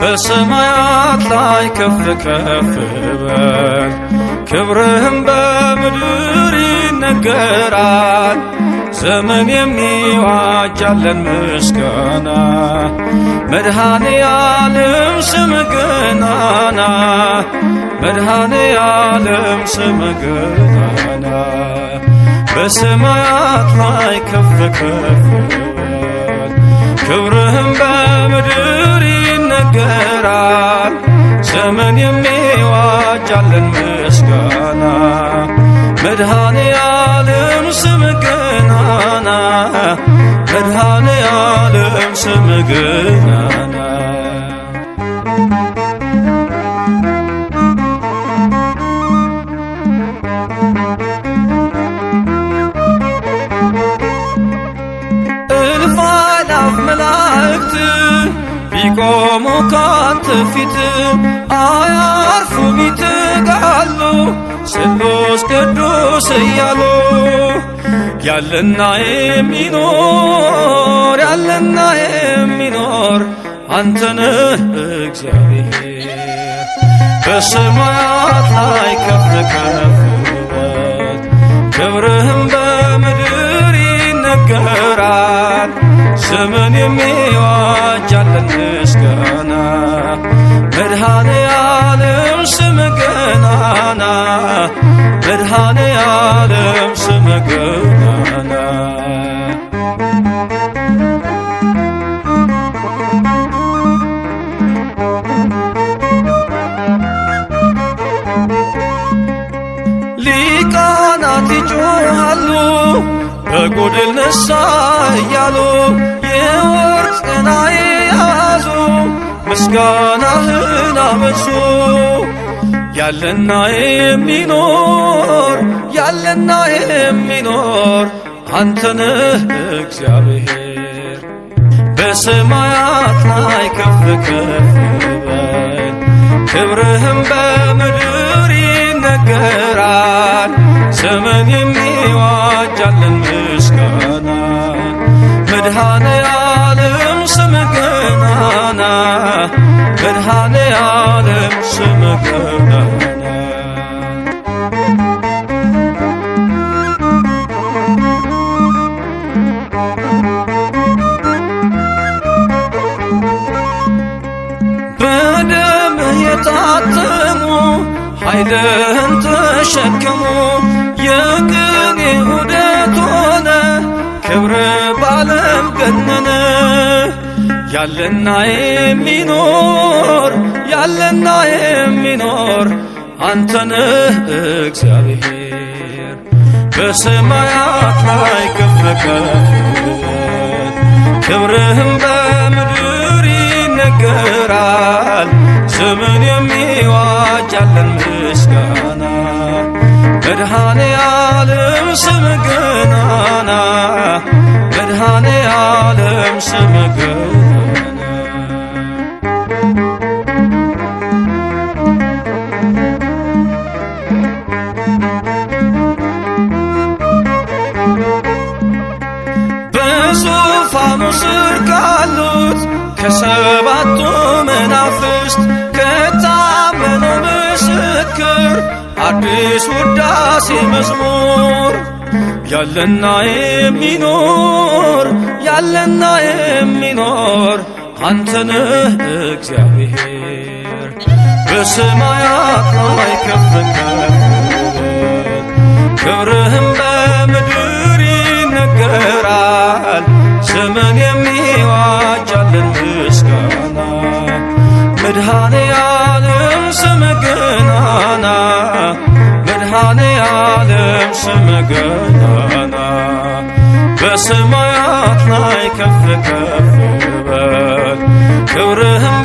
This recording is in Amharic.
በሰማያት ላይ ከፍ ከፍ በል ክብርህም በምድር ይነገራል። ዘመን የሚዋጃለን ምስጋና መድኃኔ ዓለም ስም ገናና መድኃኔ ዓለም ስም ገናና በሰማያት ላይ ከፍ ከፍ ክብርህም በምድር ይነገራል። ዘመን የሚዋጃለን ምስጋና መድኃኔ ዓለም ስም ምስጋና መድኃኔ ዓለም ስም ገናና እልፍ አእላፍ መላእክት ቢቆሙ ካንተ ፊት አያርፉም ይትጋሉ ስሉስ ቅዱስ እያሉ ያለና የሚኖር ያለና የሚኖር አንተነ እግዚአብሔር በሰማያት ላይ ከፍ ከፍ ክብርህም በምድር ይነገራል። ዘመን የሚዋጅ ያለን ምስጋና መድኃኔ ዓለም ስም ገናና መድኃኔ ዓለም መገናና ሊቃናት ይጮሃሉ በጎድል ነሳ እያሉ የወርቅ ጽና የያዙ ምስጋናህን አበሱ ያለና የሚኖር አለና የሚኖር አንተን እግዚአብሔር። በሰማያት ላይ ከፍ ከፍ በል ክብርህም በምድር ይነገራል። ዘመን የሚዋጃለን ምስጋና መድኃኔ ዓለም ስምህ ገናና መድኃኔ አትሙ ኃይልን ተሸክሙ የቅኔ ዑደት ሆነ ክብር ባለም ገነነ ያለና የሚኖር ያለና የሚኖር አንተነህ እግዚአብሔር በሰማያት ላይ ከፍ ከፍ ክብርህም በምድር ይነገራል ዘመን ያለን ምስጋና መድኃኔ ዓለም ስም ገናና መድኃኔ ዓለም ስም ገናና በዙፋኑ ስር ካሉት ከሰባቱ መናፍስት አዲስ ውዳሴ መዝሙር ያለና የሚኖር ያለና የሚኖር አንተ እግዚአብሔር። በሰማያት ላይ ከፍ ከፍ ክብርህም ስም ገናና በሰማያት ላይ ከፍ ከፍ በል ክብርህም